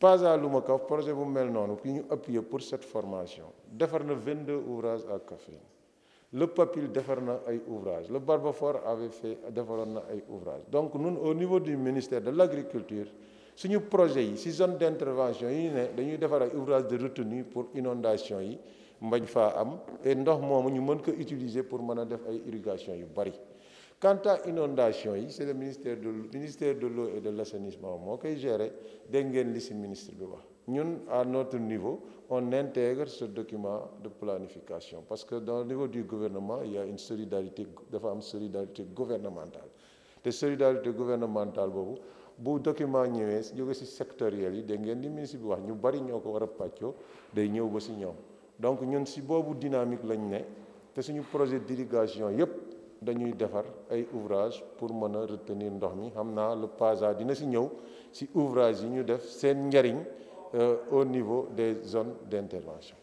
PASA Makaf, projet bu mel noonu ki pour cette formation avons fait 22 ouvrages à café. le Papil a fait ay ouvrages le Barbafort avait fait defaroon ouvrages donc au niveau du ministère de l'agriculture, si nous projet yi si zone d'intervention, avons yi ne dañuy ouvrages de retenue pour inondation yi mbañ faa am Et pour l'irrigation. irrigation quant à l'inondation, c'est le ministère de ministère de l'eau et de l'assainissement qui gère, koy gérer de ngeen li ministre à notre niveau on intègre ce document de planification parce que dans le niveau du gouvernement il y a une solidarité dafa am solidarité gouvernementale La solidarité gouvernementale si bu document est sectoriel yi dégg ngeen ministre bi wax ñu bari a Donc, day ñëw ba si donc ñun dynamique lañ ne c'est suñu projet de délégation, dañuy defar ay ouvrage pour mën a retenir ndox mi xam naa le PASA dina si ñëw si ouvrage yi ñu def seen njariñ euh, au niveau des zones d'intervention